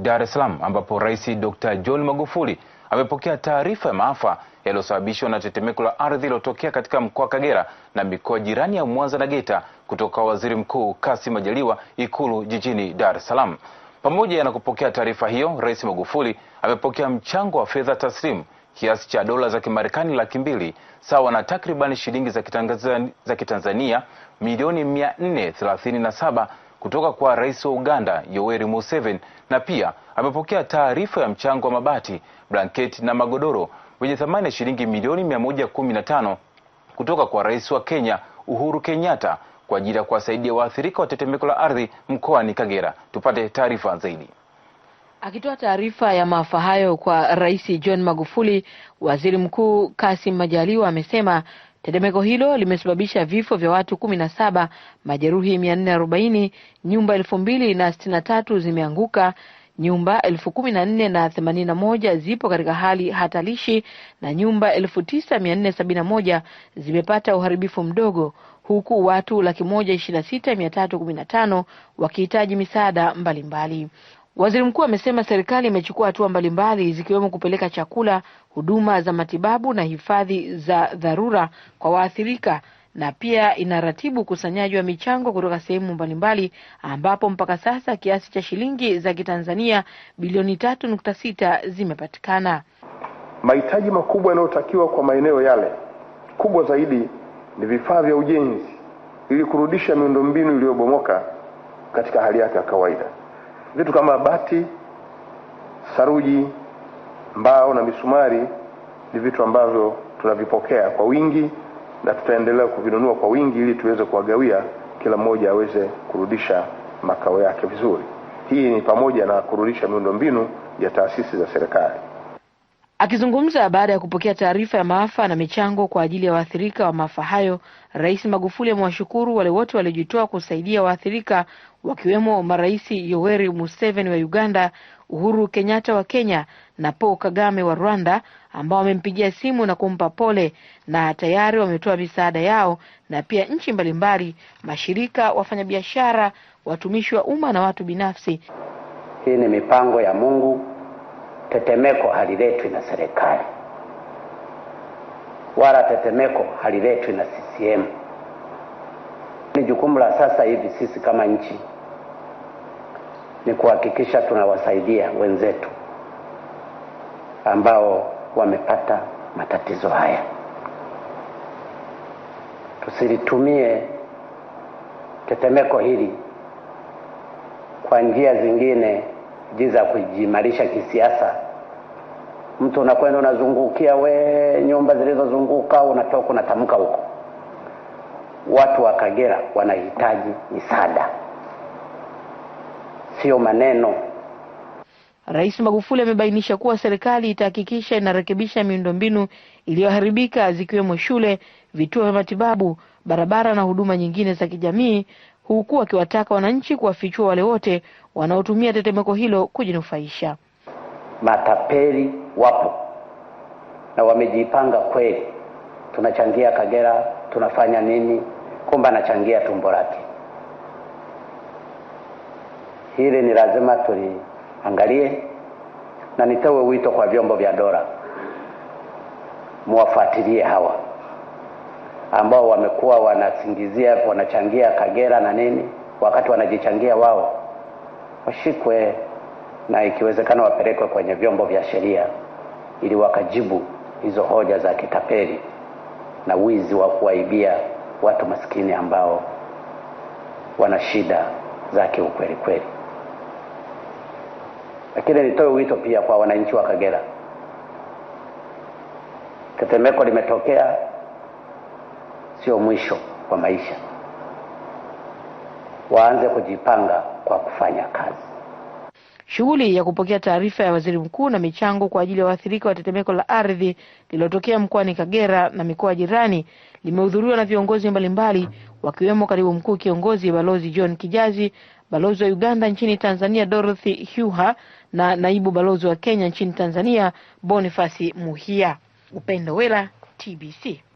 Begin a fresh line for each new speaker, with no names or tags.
Dar es Salaam ambapo Rais Dr. John Magufuli amepokea taarifa ya maafa yaliyosababishwa na tetemeko la ardhi lilotokea katika mkoa wa Kagera na mikoa jirani ya Mwanza na Geita kutoka Waziri Mkuu Kassim Majaliwa Ikulu jijini Dar es Salaam. Pamoja na kupokea taarifa hiyo, Rais Magufuli amepokea mchango wa fedha taslimu kiasi cha dola za Kimarekani laki mbili sawa na takriban shilingi za Kitanzania milioni 437 kutoka kwa rais wa Uganda Yoweri Museveni, na pia amepokea taarifa ya mchango wa mabati, blanketi na magodoro wenye thamani ya shilingi milioni 115 kutoka kwa rais wa Kenya Uhuru Kenyatta kwa ajili ya kuwasaidia waathirika wa tetemeko la ardhi mkoani Kagera. Tupate taarifa zaidi.
Akitoa taarifa ya maafa hayo kwa Rais John Magufuli, Waziri Mkuu Kassim Majaliwa amesema Tetemeko hilo limesababisha vifo vya watu kumi na saba, majeruhi mia nne arobaini, nyumba elfu mbili na sitini na tatu zimeanguka nyumba elfu kumi na nne na themanini na moja zipo katika hali hatarishi na nyumba elfu tisa mia nne sabini na moja zimepata uharibifu mdogo huku watu laki moja ishirini na sita mia tatu kumi na tano wakihitaji misaada mbalimbali. Waziri mkuu amesema serikali imechukua hatua mbalimbali zikiwemo kupeleka chakula, huduma za matibabu na hifadhi za dharura kwa waathirika na pia inaratibu ukusanyaji wa michango kutoka sehemu mbalimbali ambapo mpaka sasa kiasi cha shilingi za Kitanzania bilioni tatu nukta sita zimepatikana.
Mahitaji makubwa yanayotakiwa kwa maeneo yale kubwa zaidi ni vifaa vya ujenzi ili kurudisha miundombinu iliyobomoka katika hali yake ya kawaida vitu kama bati, saruji, mbao na misumari ni vitu ambavyo tunavipokea kwa wingi na tutaendelea kuvinunua kwa wingi ili tuweze kuwagawia kila mmoja aweze kurudisha makao yake vizuri. Hii ni pamoja na kurudisha miundombinu ya taasisi za serikali.
Akizungumza baada ya kupokea taarifa ya maafa na michango kwa ajili ya waathirika wa maafa hayo, Rais Magufuli amewashukuru wale wote waliojitoa kusaidia waathirika wakiwemo marais Yoweri Museveni wa Uganda, Uhuru Kenyatta wa Kenya na Paul Kagame wa Rwanda ambao wamempigia simu na kumpa pole na tayari wametoa misaada yao, na pia nchi mbalimbali, mashirika, wafanyabiashara, watumishi wa umma na watu binafsi.
Hii ni mipango ya Mungu tetemeko haliletwi na serikali wala tetemeko haliletwi na CCM. Ni jukumu la sasa hivi sisi kama nchi ni kuhakikisha tunawasaidia wenzetu ambao wamepata matatizo haya. Tusilitumie tetemeko hili kwa njia zingine jinsi ya kujimarisha kisiasa. Mtu unakwenda unazungukia we nyumba zilizozunguka, unatoka unatamka huko. Watu wa Kagera wanahitaji misaada, sio maneno.
Rais Magufuli amebainisha kuwa serikali itahakikisha inarekebisha miundombinu iliyoharibika zikiwemo shule, vituo vya matibabu, barabara na huduma nyingine za kijamii huku akiwataka wananchi kuwafichua wale wote wanaotumia tetemeko hilo kujinufaisha.
Matapeli wapo na wamejipanga kweli. Tunachangia Kagera, tunafanya nini? Kumbe anachangia tumbo lake. Hili ni lazima tuliangalie, na nitoe wito kwa vyombo vya dola, muwafuatilie hawa ambao wamekuwa wanasingizia wanachangia Kagera na nini, wakati wanajichangia wao washikwe na ikiwezekana wapelekwe kwenye vyombo vya sheria ili wakajibu hizo hoja za kitapeli na wizi wa kuwaibia watu maskini ambao wana shida za kiukweli kweli. Lakini nitoe wito pia kwa wananchi wa Kagera, tetemeko limetokea sio mwisho wa maisha. Waanze kujipanga kwa kufanya kazi.
Shughuli ya kupokea taarifa ya waziri mkuu na michango kwa ajili ya waathirika wa tetemeko la ardhi lililotokea mkoani Kagera na mikoa jirani limehudhuriwa na viongozi mbalimbali wakiwemo katibu mkuu kiongozi Balozi John Kijazi, balozi wa Uganda nchini Tanzania Dorothy Hyuha na naibu balozi wa Kenya nchini Tanzania Boniface Muhia. Upendo Wela, TBC.